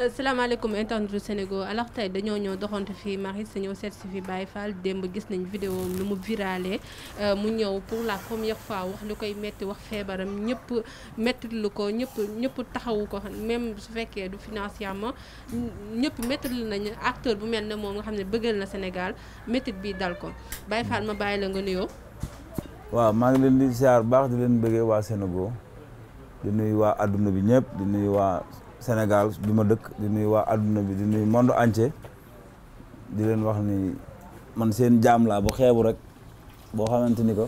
Euh, salaamaaleykum internet du Sénégal alors tey dañoo ñëw doxantu fii Maris ñëw seet si fii Baye Fall démb gis nañ vidéo lu mu virale euh, mu ñëw pour la première fois wax lu koy metti wax feebaram ñëpp ko ñëpp ñëpp taxawu ko même su fekkee du financièrement ñëpp mettitlu nañu acteur bu mel ne moom nga xam ne bëggal na Sénégal mettit bi dal ko Baye Fall ma bàyyi la nga nuyoo. waaw maa ngi leen di ziar baax di leen bëggee waa Sénégal di nuyu waa adduna bi ñëpp di nuyu waa. Sénégal bi ma dëkk di waa àdduna bi di nuyu monde entier di leen wax ni man seen jaam laa bu xeebu rek boo xamante ni ko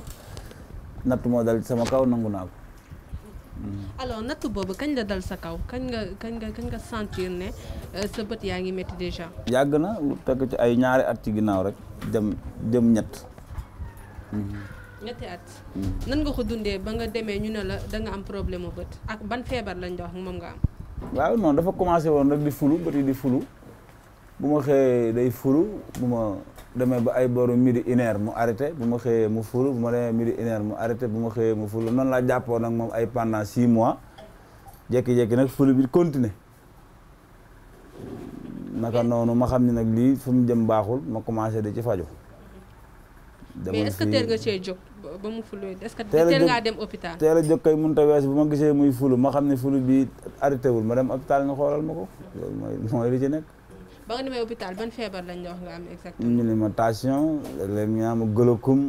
natt moo dal sama kaw nangu naa ko. Mm. alors natt boobu kañ la dal sa kaw kañ nga kañ nga kañ nga sentir ne euh, sa bët yaa ngi métti déjà. yàgg na lu teg ci ay ñaari at ci ginnaaw rek dem jëm ñett. Mm-hmm. ñetti at. Mm. nan nga ko dundee ba nga demee ñu ne la da nga am problème mu bët ak ban feebar lañ la wax moom nga am. waaw non dafa commencé woon rek di fulu bëti di fulu bu ma xëyee day fulu bu ma demee ba ay boru midi une mu arrêté bu ma xëyee mu fulu bu ma demee arrêté bu ma xëyee mu fulu noonu laa jàppoo nag moom ay pendant six mois jékki-jékki nag fulu bi continuer naka noonu ma xam ne nag lii fu mu jëm baaxul ma commencé di ci faju. ba mu fulu est-ce que teel ngaa dem hôpital teel a jóg kay mënut bu ma gisee muy fulu ma xam ne fulu bi arrêté wul ma dem hôpital nga xoolal ma ko loolu mooy mooy li ci nekk ba nga demee hôpital ban feebar lañ la wax nga am exactement ñu ma tension léeg ñu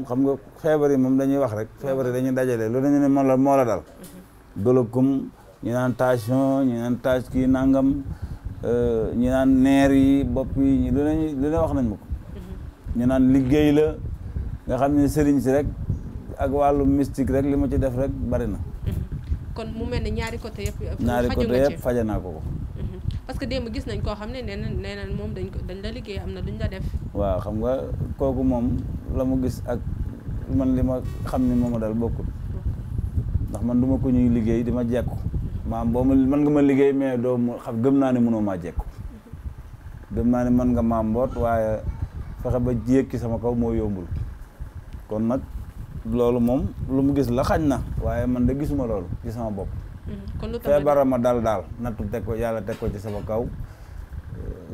xam nga feebar yi moom dañuy wax rek feebar yi dajale loolu dañu ne moo la moo dal gëlëkum mhm. ñu naan tension ñu naan tâche kii nangam euh, ñu naan neer yi bopp yi lu ne lu ne wax nañ ma ko mhm. ñu naan liggéey la nga xam ne sëriñ si rek ak wàllu mystique rek li ma ci def rek bari na. Mm-hmm. kon mu mel ni ñaari côté yëpp. ñaari côté yëpp faja naa ko ko. Mm-hmm. parce que démb gis nañ koo xam ne nee na nee na moom dañ ko dañ la liggéey am na duñ la def. waaw xam nga kooku moom la mu gis ak man li ma xam ni ma dal bokkul ndax man duma ko ñuy liggéey di ma jekku maam boo ma mën nga ma liggéey mais doo mu xam gëm naa ne mënoo maa jekku mm-hmm. gëm naa ne mën nga maam mboot waaye fexe ba jéeg sama kaw moo yombul kon nag loolu moom lu mu gis la xaj na waaye man de gisuma loolu ci sama bopp. Mm-hmm. kon lu tax feebar ma dal daal nattu teg ko yàlla teg ko ci sama kaw.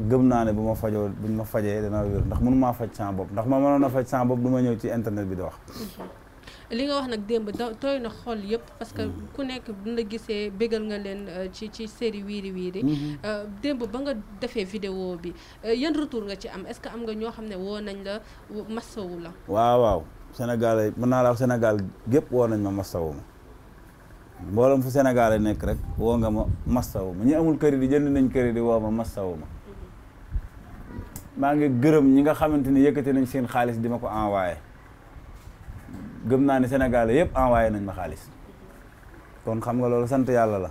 gëm naa ne bu ma fajoo bu ñu ma fajee danaa wér ndax mënu maa faj sama bopp ndax ma mënoon a faj sama bopp du ma ñëw ci internet bi di wax. Mm-hmm. li nga wax nag démb da tooy na xol yëpp parce que mm-hmm. ku nekk bu la gisee bégal nga leen euh, ci ci série wiiri wiiri. Euh, démb ba nga defee vidéo bi euh, yan retour nga ci am est-ce que am nga ñoo xam ne woo nañ la masawu la. waaw Sénégal mën naa la wax Sénégal gépp woo nañ ma mastawu mbooloom fu Sénégal nekk rek woo nga ma mastawu ma ñi amul kër di jënd nañ kër di woo ma mastawu ma maa ngi gërëm ñi nga xamante ni yëkkati nañ seen xaalis di ma ko envoyé gëm naa ne Sénégal yëpp envoyé nañ ma xaalis kon xam nga loolu sant yàlla la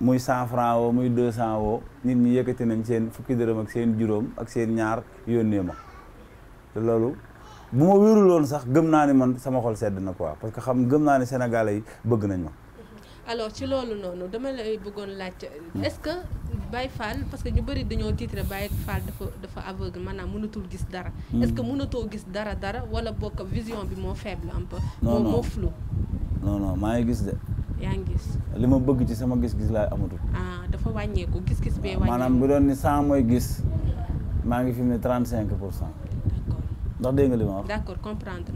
muy cent franc woo muy deux cent woo nit ñi yëkkati nañ seen fukki dërëm ak seen juróom ak seen ñaar yónnee ma te loolu bu ma wéeruloon sax gëm naa ne man sama xol sedd na quoi parce que xam gëm naa ne sénégalais yi bëgg nañ ma. alors ci loolu noonu dama lay bëggoon laaj. est-ce que bay Fall parce que ñu bëri dañoo titre Baye Fall dafa dafa aveugle maanaam mënatul gis dara. Hmm. est-ce que mënatoo gis dara dara wala bokk vision bi moo faible un peu. noonu moo moo maa ngi gis de. yaa ngi gis. li ma bëgg ci sama gis-gis laay amatul. ah dafa wàññeeku gis-gis bee. wàññeeku maanaam bu doon ni 100 mooy gis maa ngi fi mu ne 35 pour cent. ndax dégg nga li ma wax. d'accord comprendre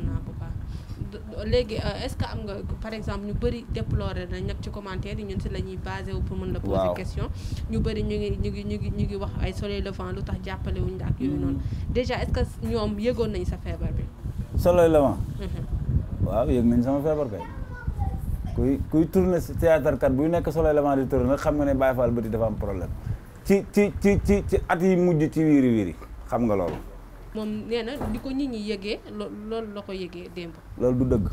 léegi euh, est-ce que am nga par exemple ñu bëri déplorer nañ nag ci commentaire yi ñun si la ñuy basé wu pour mën la poser ñu bëri ñu ngi ñu ngi ñu ngi wax ay soleil levant lu tax jàppale wuñ la ak yooyu noonu hmm. déjà est-ce que ñoom yëgoon nañ sa feebar bi soleil levant mhm. waaw yëg nañ sama feebar kay kuy kuy tourné théâtre kat buy nekk soleil levant di tourné xam nga ne Baye Fall bëti dafa am problème ci ci ci ci ci at yi mujj ci wiiri wiiri xam nga loolu moom nee na di ko ñi ñi yëgee loolu la ko yëgee démb. loolu du dëgg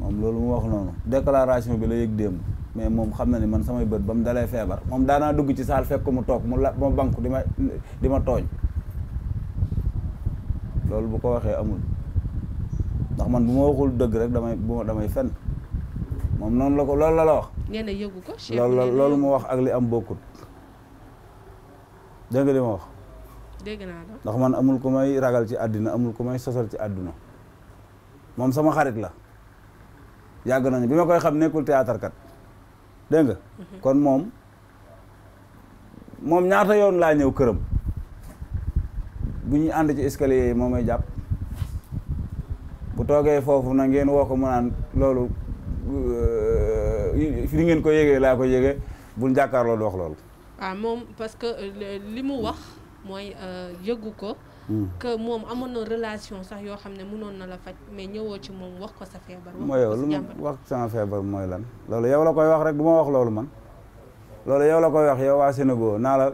moom loolu mu wax noonu déclaration bi la yëg démb mais moom xam na ni man samay bët ba mu dalee feebar moom daanaa dugg ci saal fekk mu toog mu la ma banku di ma di ma tooñ loolu bu ko waxee amul ndax man bu ma waxul dëgg rek damay bu damay fen moom noonu la ko loolu la la wax. nee na yëgu ko. loolu loolu mu wax ak li am bokkut dégg nga li ma wax. dégg naa la ndax man amul ku may ragal ci àddina amul ku may sosal ci àdduna moom sama xarit la yàgg nañu bi ma koy xam nekkul théâtre kat dégg nga. Mhm. kon moom moom ñaata yoon laa ñëw këram bu ñuy ànd ci escalier yi moo may jàpp bu toogee foofu na ngeen woo ko mu naan loolu li euh, ngeen ko yégee laa ko yégee bul jàkkaarloo du wax loolu. waaw ah, moom parce euh, li mu wax. mooy euh, yëgu ko. Hmm. moom amoon na relation sax yoo xam ne mënoon na la faj mais ñëwoo ci moom wax ko sa feebar. mooy lu mu wax sama feebar mooy lan. loolu yow la koy wax rek du ma wax loolu man loolu yow la koy wax yow waa Sénégal naa la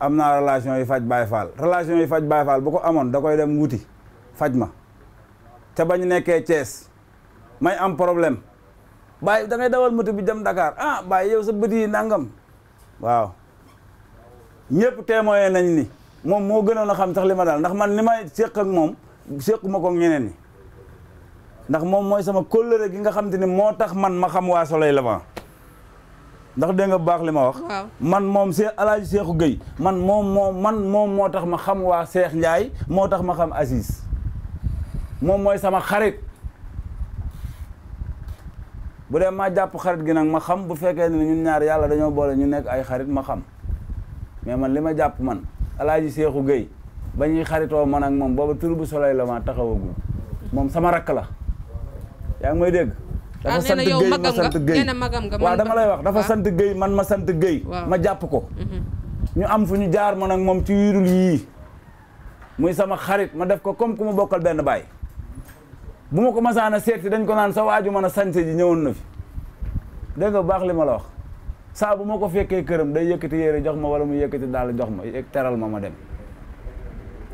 am naa relation yu faj Baye Fall relation yi faj Baye Fall bu ko amoon da koy dem wuti faj ma te ba ñu nekkee Thiès may am problème Baye dangay ngay dawal moto bi dem ndakaar ah Baye yow sa bët yi nangam waaw. ñëpp témoigné nañ ni moom moo gënoon a xam sax li ma daal ndax man li may séq ak moom séquma ko ñeneen ñi ndax moom mooy sama kóllëre gi nga xam te ni moo tax man ma xam waa la Levant ndax dégg nga baax li ma wax man moom see alaaji Seexu géey man moom moom man moom moo tax ma xam waa Seex Njaay moo tax ma xam asis moom mooy sama xarit bu dee maa jàpp xarit gi nag ma xam bu fekkee ne ñun ñaar yàlla dañoo boole ñu nekk ay xarit ma xam mais man li ma jàpp man alaaji Seexu Géy ba ñuy xaritoo man ak moom booba tur bu soleil la ma taxawagul moom sama rakk la yaa ngi may dégg ah, dafa sant Géy ma sant Géy waaw dama lay wax dafa sant Géy man ma sant Géy ma jàpp ko mhm. ñu am fu ñu jaar man ak moom ci yirul yii muy sama xarit ma def ko comme ku ma bokkal benn baay bu ma ko masaana seeti dañ ko naan sa waaju mën a sañse ji ñëwoon na fi dégg nga baax li ma la wax saa bu ma ko fekkee këram day yëkkati yére jox ma wala mu yëkkati daal jox ma teral ma ma dem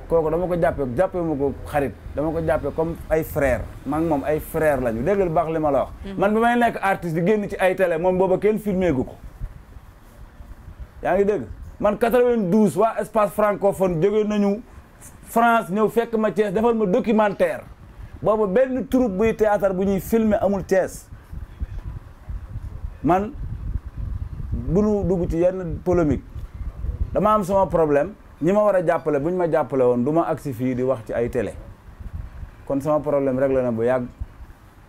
kooku dama ko jàppee jàppee ma ko xarit dama ko jàppee comme ay frère ma ak moom ay frère lañu déggal baax li ma la wax. Mm. man bi may nekk artiste di génn ci ay télé moom booba kenn filmé gu ko. yaa ngi dégg man 92 waa espace francophone jóge nañu France ñëw fekk ma Thiès defal ma documentaire booba benn troupe buy théâtre bu ñuy filmer amul Thiès man. bu nu dugg ci yenn polémique dama am sama problème ñi ma war a jàppale bu ñu ma jàppale woon du ma agsi fii di wax ci ay télé kon sama problème rek la na bu yàgg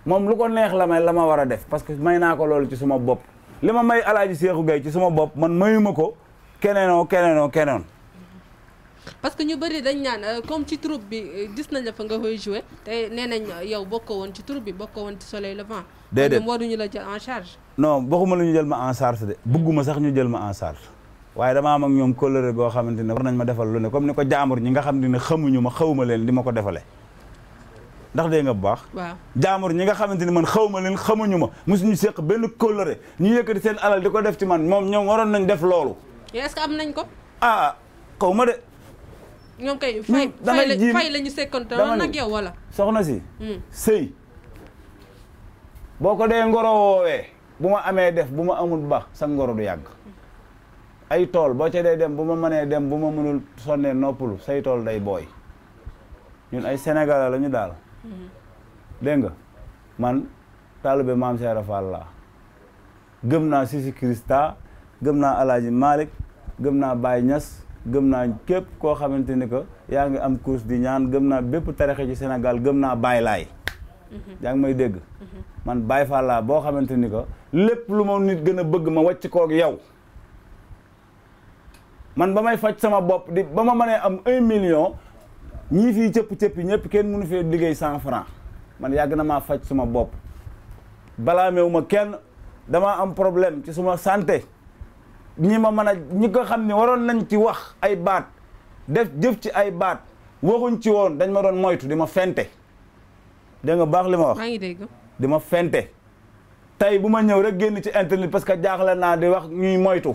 moom lu ko neex la may la ma war a def parce que may naa ko loolu ci suma bopp li ma may alaaji Seexu Gay ci suma bopp man mayuma ko keneenoo keneenoo keneen parce que ñu bëri dañ ñaan euh, comme ci troupe bi euh, gis nañ la nga koy joué te nee nañ euh, yow bokkoo woon ci troupe bi bokkoo woon ci soleil levant déedéet waruñu la jël en charge non bokkuma la ñu jël ma en charge de bëgguma sax ñu jël ma en charge waaye damaa am ak ñoom kóllëre goo xamante ne war nañ ma defal lu ne comme ni ko jaamur ñi nga xam ne xamuñu ma xawma leen di ma ko defale ndax dégg bu baax. waaw jaamur ñi nga xamante ni man xaw ma leen xamuñu ma mosuñu seq benn kóllëre ñu yëkkati seen alal di ko def ci man moom ñoom waroon nañ def loolu. est-ce que am nañ ko. ah xaw ma de. ñoom kay fay fay la ñu sekkoon te nag yow wala. soxna si. Hmm. sëy boo ko dee ngoro woowee bu ma amee def bu ma amul baax sa ngoro du yàgg ay tool boo ca dee dem bu ma mënee dem bu ma mënul sonnee noppalu say tool day booy ñun ay sénégalais lañu daal dégg nga man taalibe maam Seera Fall gëm naa Sisi Krista gëm naa Alaaji Malick gëm naa baay ñas gëm naa képp koo xamante ni que yaa ngi am course di ñaan gëm naa bépp tarixe ci Sénégal gëm naa baay Laay Mhm. yaa ngi may dégg mhm. man baay Fall boo xamante ni ko lépp lu ma nit gën a bëgg ma wàcc kook yow man ba may faj sama bopp di ba ma mënee am un million ñii fii cëpp-cëpp yi ñëpp kenn mënu fee liggéey cent franc man yàgg na maa faj suma bopp balaa meew ma kenn damaa am problème ci suma santé ñi ma mën a ñi ko xam ne waroon nañ ci wax ay baat def jëf ci ay baat waxuñ ci woon dañ ma doon moytu di ma fente dégg nga baax li ma wax. maa ngi dégg. di ma fente. tey bu ma ñëw rek génn ci internet parce que jaaxle naa di wax ñuy moytu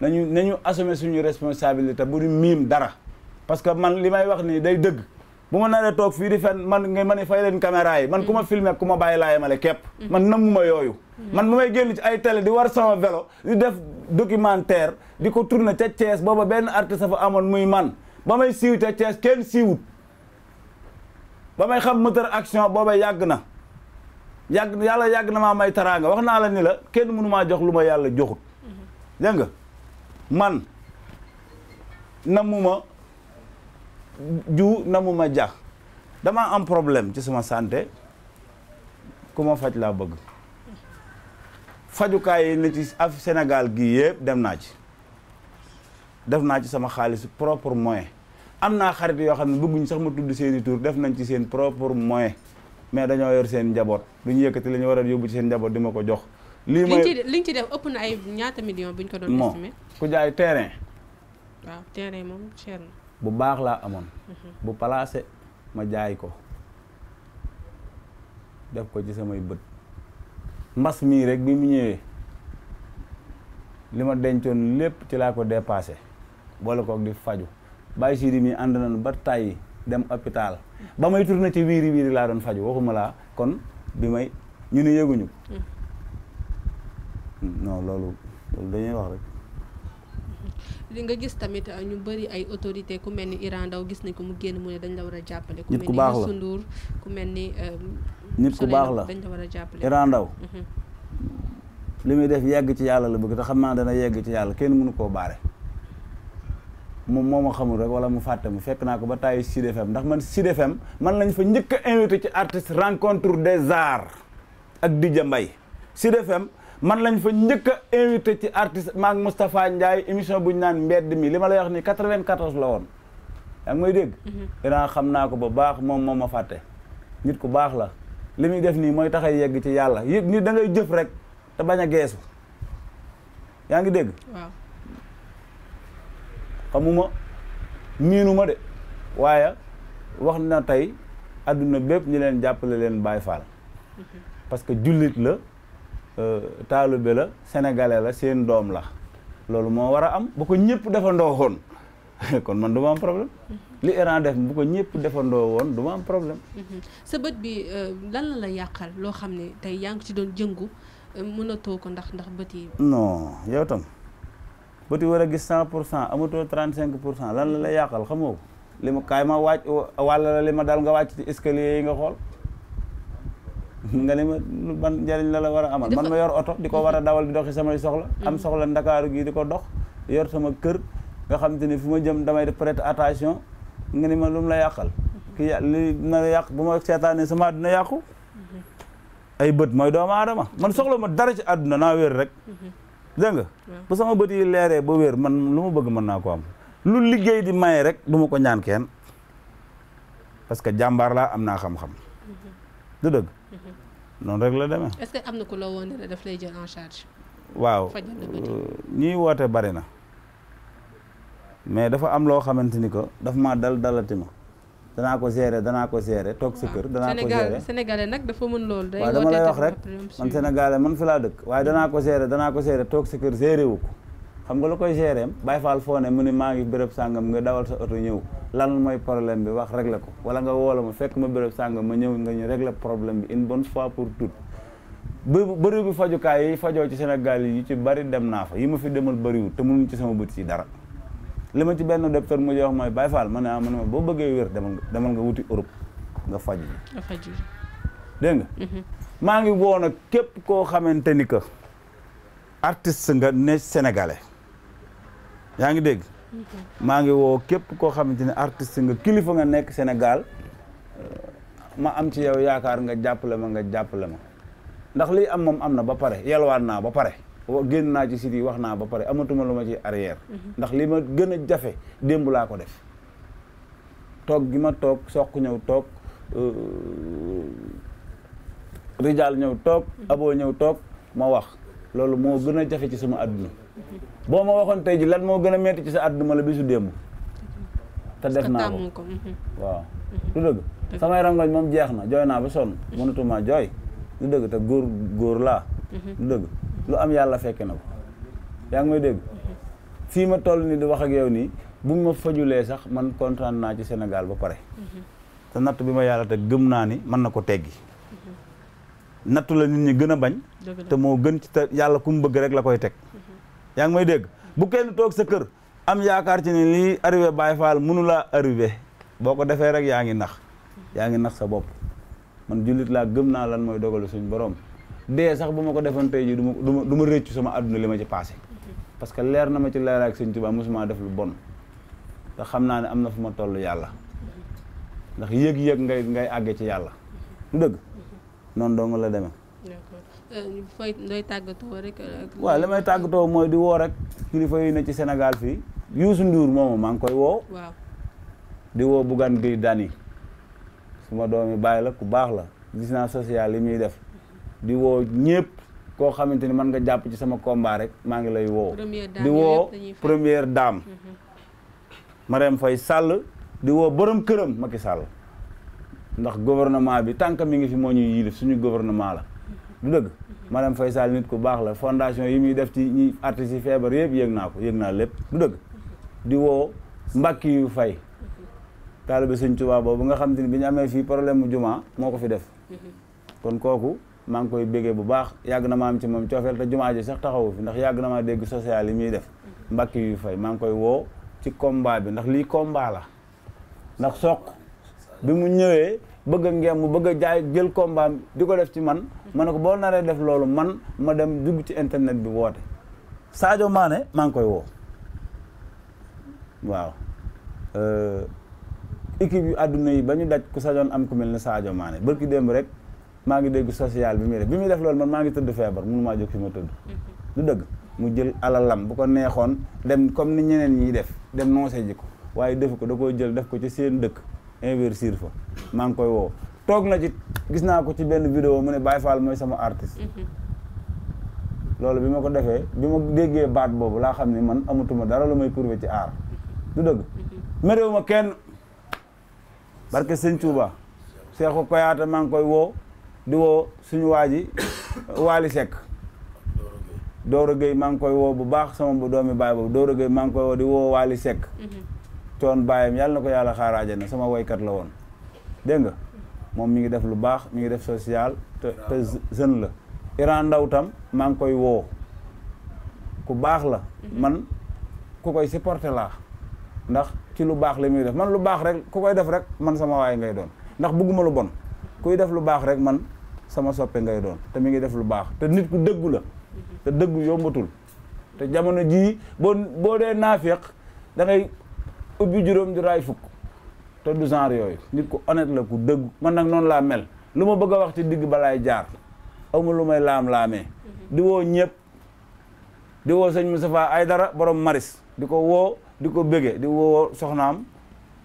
nañu nañu assumer suñu responsabilité bu di miim dara parce que man li may wax nii day dëgg bu ma naree toog fii di fenn man nga man ne fay leen caméra yi man ku ma mm. filmer ku ma bàyyi laa yemale képp. Mm. man namuma yooyu. Mm. man bu may génn ci ay télé di war sama vélo di def documentaire di ko tourner ca Thiès booba benn artiste fa amoon muy man ba may siiw ca Thiès kenn ba may xam moteur action booba yàgg na yàgg yàlla yàgg na maa may taraanga wax naa la ni la kenn mënu maa jox lu ma yàlla joxut dégg nga man namuma ju namuma jax damaa am problème ci sama santé ku ma faj laa bëgg fajukaay yi ne ak af Sénégal gi yëpp dem naa ci def naa ci sama xaalis propre moyen am naa xarit yoo xam ne bëgguñ sax ma tudd seeni i def nañ ci seen propre moyen mais dañoo yor seen njaboot duñu yëkkati li ñu war a yóbbu ci seen njaboot di ma ko jox. lii mooy ci def ëpp na ñaata million buñ ko doon estimé. ku jaay terrain. waaw terrain moom cher bu baax laa amoon. Mhm. bu placé ma jaay ko def ko ci samay bët mbas mii rek bi mu ñëwee li ma dencoon lépp ci laa ko dépassé boole koog di faju Baye Sidi mi ànd nu ba tàyyi dem hôpital ba may tourné ci wiiri wiiri laa doon faju waxuma laa kon bi may ñu ne yëguñu mm-hmm. loolu loolu dañuy wax rek mm-hmm. li nga gis tamit euh, ñu bari ay autorité ku mel ni Iran Ndaw gis nañ ko mu génn mu ne dañ la war a jàppale nit ku baax la ku mel ni Youssou euh, nit ku baax la dañ la war a jàppale Iran Ndaw mm-hmm. li muy def yegg ci yàlla la bëgg te xam naa dana yegg ci yàlla kenn mënu koo baare moom moom ma xamul rek wala mu fàtte mu fekk naa ko ba tàyyi Sud FM ndax man Sud FM man lañ fa njëkk a invité ci artiste rencontre des arts ak Dija Mbaye Sud FM man lañ fa njëkk a invité ci artiste maak Moustapha Ndiaye émission bu ñu naan mbedd mi li ma lay wax ni 94 la woon yaa ngi may dégg mhm. dinaa xam naa ko ba baax moom moo ma fàtte nit ku baax la li muy def nii mooy tax a yegg ci yàlla nit da ngay jëf rek te bañ a geesu yaa ngi dégg xamuma miinuma de waaye wax na tey àdduna bépp ñu leen jàppale leen Baye Fall parce que jullit la euh, taalibe la sénégalais la seen doom la loolu moo war a am bu ko ñëpp defandoo woon kon man du ma am problème li Iran def bu ko ñëpp defandoo woon duma am problème sa bët bi euh, lan la la yàqal loo xam ne tey yaa ngi ci doon jëngu euh, mënatoo ko ndax ndax bët yi non yow tam bët i war a gis cent pour cent amatoo trente cinq pour cent lan la la yàqal xamoo li ma kaay ma wàcc wàlla li ma dal nga wàcc ci escalier yi nga xool nga ne ma ban njëriñ la la war a amal man ma yor oto di ko war a dawal di doxi samay soxla am mm. soxla ndakaaru gi di ko dox yor sama kër nga xam te ne fu ma jëm damay def prête attention nga ni ma lu mu la yàqal ki li na yàq bu ma seetaanee sama àdduna yàqu mm-hmm. ay bët mooy doomu aadama man soxla ma dara ci àdduna naa wér rek mm-hmm. dégg nga bu sama bët yi leeree ba wér man lu ma bëgg mën naa ko am lu liggéey di may rek duma ko ñaan kenn parce que jàmbaar laa am naa xam-xam mm-hmm. du dëgg mm-hmm. noonu rek la demee est-ce que am na ku la woon ne daf lay waaw euh, ñuy woote bari na mais dafa am loo xamante ni que daf maa dal dalati ma danaa ko gérer danaa ko gérer toog sa kër danaa ko gérer sénégalais nag dafa mën loolu day waaw dama wax rek man sénégalais man fi laa dëkk waaye danaa ko gérer danaa ko gérer toog sa kër gérer wu ko xam nga lu koy gérer bàyyi faal foo ne mu ne maa ngi béréb sàngam nga dawal sa oto ñëw lan mooy problème bi wax réglé ko wala nga woola ma fekk ma béréb sàngam ma ñëw nga ñu réglé problème bi une bon fois pour bë bëri bi fajukaay yi fajoo ci Sénégal yi ci bari dem naa yi ma fi demal bëriwul te mënuñ ci sama bët yi dara li ma ci benn docteur mu jox mooy Baye Fall ma ne ah ma ma boo bëggee wér demal nga demal nga wuti Europe nga faj. nga faj mhm. maa ngi woon ak képp koo xamante ni que artiste nga ne sénégalais yaa ngi dégg. Mhm. maa ngi woo képp koo xamante ne artiste nga kilifa nga nekk senegal euh, ma am ci yow yaakaar nga jàppale ma nga jàppale ma ndax lii am moom am na ba pare yalwaan naa ba pare. génn naa ci site wax naa ba pare amatuma lu ma ci arrière ndax li ma gën a jafe démb laa ko def toog gi ma toog soq ñëw toog euh, rijaal ñëw toog aboo ñëw toog ma wax loolu moo gën a jafe ci sama àdduna boo ma waxoon tey ji lan moo gën a metti ci sa àdduna ma la bisu démb te def naa ko mhm. waaw mhm. du dëgg samay rangoñ moom jeex na jooy naa ba sonn mhm. mënatumaa jooy du dëgg te góor góor laa du dëgg lu am yàlla fekke na ko yaa ngi may dégg fii ma toll ni di wax ak yow nii bu ma fajulee sax man kontaan naa ci Sénégal ba pare mhm. te natt bi ma yàlla te gëm naa ni mën na ko teggi mhm. nattu la nit ñi gën a bañ te moo gën ci te yàlla ku mu bëgg rek la koy teg mhm. yaa ngi may dégg bu kenn toog sa kër am yaakaar ne lii arrivé Baye Fall mënu laa arrivé boo ko defee rek yaa ngi nax yaa ngi nax sa bopp man jullit laa gëm naa lan mooy dogalu suñ borom dee sax bu ma ko defoon tey jii du ma duma du ma rëccu sama àdduna li ma ci passé parce que leer na ma ci leeraak sëñ Tuubaa mosuma def lu bon te xam naa ne am na fu ma toll yàlla ndax yëg yéeg ngay ngay àgge ci yàlla lu dëgg noonu dong la demee euh, fooy waaw li may tàggatoo mooy di woo rek kilifa yi na ci senegal fii Youssou Ndour moomu maa ngi koy woo. waaw di woo Bougane Gueye Dany. su ma doomi bàyyi la ku baax la gis naa social yi muy def di woo ñëpp koo xamante ni mën nga jàpp ci sama combat rek maa ngi lay woo di woo première daam mm-hmm. Marème fay sàll di woo borom këram Macky Sall ndax gouvernement bi tànk mi ngi fi moo ñuy yilif suñu gouvernement la mm-hmm. du dëgg mm-hmm. Marème Faye Sall nit ku baax la fondation yi muy def ci ñi artistes yi feebar yëpp yëg naa ko yëg naa lépp du dëgg di woo mbàkki yu fay taalibe sëñ Tuubaa boobu nga xam te ne bi ñu amee fii problème mu jumaa moo ko fi def kon kooku maa ngi koy béggee bu baax yàgg na ma am ci moom coofeel te jumaa ji sax taxawu fi ndax yàgg na maa dégg social yi muy def mbàkki yu fay maa ngi koy woo ci combat bi ndax lii combat la ndax sook bi mu ñëwee bëgg a mu bëgg a jaay jël combat di ko def ci man ma ne ko boo naree def loolu man ma dem dugg ci internet bi woote Sadio Mané maa ngi koy woo waaw euh, équipe yu àdduna yi ba ñu daj ku sajoon am ku mel ne Sadio Mané bërki démb rek maa ngi dégg social bi muy def bi muy def loolu man maa ngi tëdd feebar mënu maa jóg fi ma tëdd lu mhm. dëgg mu jël alalam bu ko neexoon dem comme ni ñeneen ñiy def dem noose ji ko waaye defu ko da koo jël def ko ci seen dëkk investir fa maa ngi koy woo toog na ci gis naa ko ci benn vidéo mu ne Baye Fall mooy sama artiste mhm. loolu bi ma ko defee bi ma déggee baat boobu laa xam ne man amatuma dara lu may prouvé ci aar du dëgg méréew mhm. kenn barke sëñ Touba Seexu Koyaata maa ngi koy woo di woo suñu waa ji Waly Seck Doro Gueye maa ngi koy woo bu baax sama bu doomi baay boobu Doro géey maa ngi koy woo di woo Waly sekk mm-hmm. coon baayam yàlla na ko yàlla xaaraaje na sama woykat la woon dégg nga moom mi ngi def lu baax mi ngi def social te jeune la Iran Ndaw tam maa ngi koy woo ku baax la mm-hmm. man ku koy supporter laa ndax ci lu baax la muy def man lu baax rek ku koy def rek man sama waay ngay doon ndax bëgguma lu bon kuy def lu baax rek man sama soppe ngay doon te mi ngi def lu baax te nit ku dëggu la te dëggu yombatul te jamono jii boo boo dee naafeq da ubbi juróom di raay fukk te genre yooyu nit ku honnête la ku dëggu man nag noonu laa mel lu ma bëgg a wax ci digg balaay jaar awma lu may laam-laamee mhm. di woo ñépp di woo sëñ ay dara boroom maris di ko woo di ko bége di woo soxnaam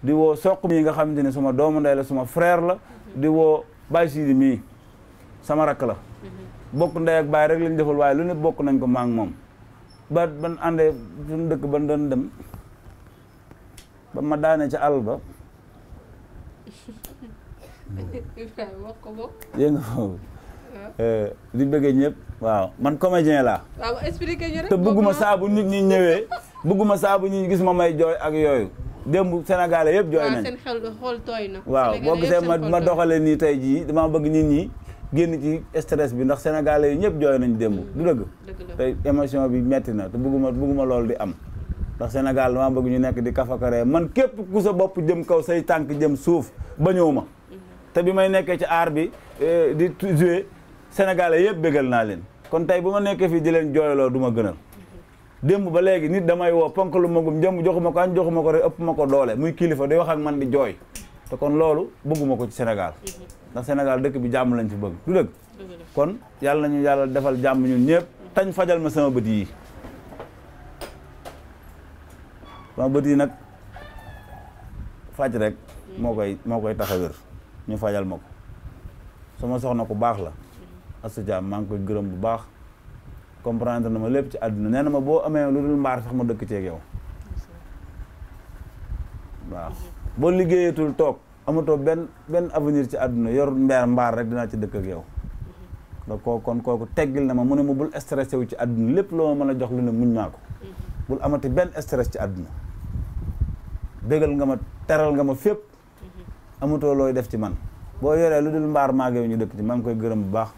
di woo soq mii nga xamante ne suma doomu ndey la suma frère la mhm. di woo Baye Sidi mii sama rakk la mhm. bokk ndey ak baay rek lañ defal waaye lu ne bokk nañ ko maa moom ba ban àndee suñu dëkk ban doon dem ba ma daane ca àll ba yéen nga eh, di bëggee ñëpp waaw man comédien laa te bëgguma saa nit ñi ñëwee bëgguma saa bu ñu gis ma may jooy ak yooyu démb Sénégalais yëpp jooy nañ waaw boo gisee ma ma doxale nii tey jii dama bëgg nit ñi génn ci stress bi ndax sénégalais yi ñëpp jooy nañ démb mm-hmm. du dëgg te émotion bi metti na te bëgguma bugguma loolu di am ndax sénégal dama bëgg ñu nekk di kafakaree man képp ku sa bopp jëm kaw say tànk jëm suuf ba ñëw ma mm-hmm. te bi may nekkee ci aar bi eh, di jouer sénégalais yëpp bégal naa leen kon tey bu ma nekkee fii di leen jooyloo duma ma gënal mm-hmm. démb ba léegi nit damay woo ponk lu magum jëm joxuma ko añ joxuma ko rek ëpp ma ko doole muy kilifa di wax ak man di jooy kon loolu bëgguma ko ci Sénégal ndax Sénégal dëkk bi jàmm lañ fi bëgg du dëgg kon yàlla nañu yàlla defal jàmm ñun ñëpp tañ fajal ma sama bët yi sama bët yi nag faj rek moo koy moo koy tax ñu fajal ma ko sama soxna ku baax la Astou Diame maa ngi koy gërëm bu baax comprendre na ma lépp ci àdduna nee na ma boo amee lu dul mbaar sax ma dëkk ceeg yow waaw boo liggéeyatul toog amatoo benn benn avenir ci àdduna yorul mbeer mbaar rek dinaa ci dëkk ak yow da koo kon kooku teggil na ma mu ne ma bul stressé wu ci àdduna lépp loo ma mën a jox lu ne muñ naa ko bul amati benn stress ci àdduna bégal nga ma teral nga ma fépp amatoo looy def ci man boo yoree lu dul mbaar maag yow ñu dëkk ci maa ngi koy gërëm bu baax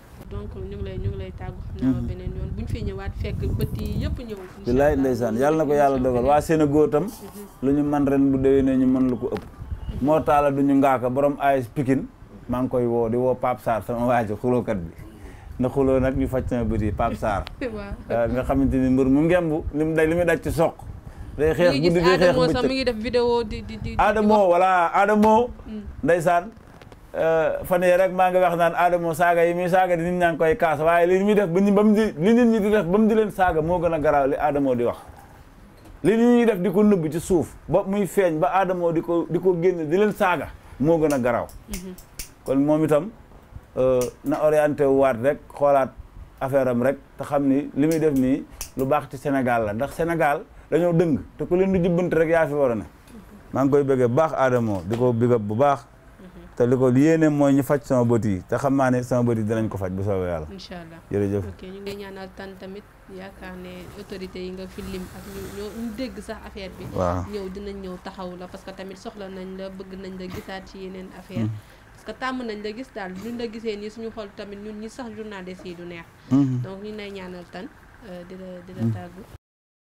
mu fi ñëwaat fekk bët yi yëpp ñëw. bilaay ndeysaan yàlla na ko yàlla dogal waa Sénégal tam. Mhm. lu ñu man ren bu déwénee ñu mën lu ko ëpp. moo taala du ñu ngaaka borom AS Pikine maa ngi koy woo di woo Pape Sarr sama waa ji xulóokat bi na xuloo nag ñu faj sama bët yi Pape Sarr. nga xamante ni mbër mu ngemb li mu daj ci soq. day xeex guddi di xeex bëccëg mi ngi def vidéo di di di. Adamo voilà mm. ndeysaan fan yee rek maa ngi wax naan Adamo saaga yi muy saaga di nit ñaa ngi koy kaas waaye li muy def ba ba mu di li nit ñi di def ba mu di leen saaga moo gën a garaaw li di wax li nit ñi def di ko nëbb ci suuf ba muy feeñ ba Adamo di ko di ko génn di leen saaga moo gën a garaaw kon moom itam euh, na orienté wu waat rek xoolaat affaire am rek te xam ni li muy def nii lu baax ci Sénégal la ndax Sénégal dañoo dëng te ku leen di jubbante rek yaa fi war mm-hmm. maa ngi koy bëggee bu baax Adamo di ko bëgg bu baax te li ko yéene mooy ñu faj sama bët yi te xam naa sama bët yi dinañ ko faj bu soobee yàlla. incha allah jërëjëf ok ñu ngi ñaanal tan tamit yaakaar ne autorité yi nga fi lim ak ñu ñu dégg sax affaire bi. waaw ñëw dinañ ñëw taxawu la parce que tamit soxla nañ la bëgg nañ la gisaat ci yeneen affaire mm-hmm. parce que tàmm nañ la gis daal ñun la gisee nii suñu xol tamit ñun ñi sax journaliste yi du neex. Mm-hmm. donc ñu lay ñaanal tan euh, di la mm-hmm. tàggu.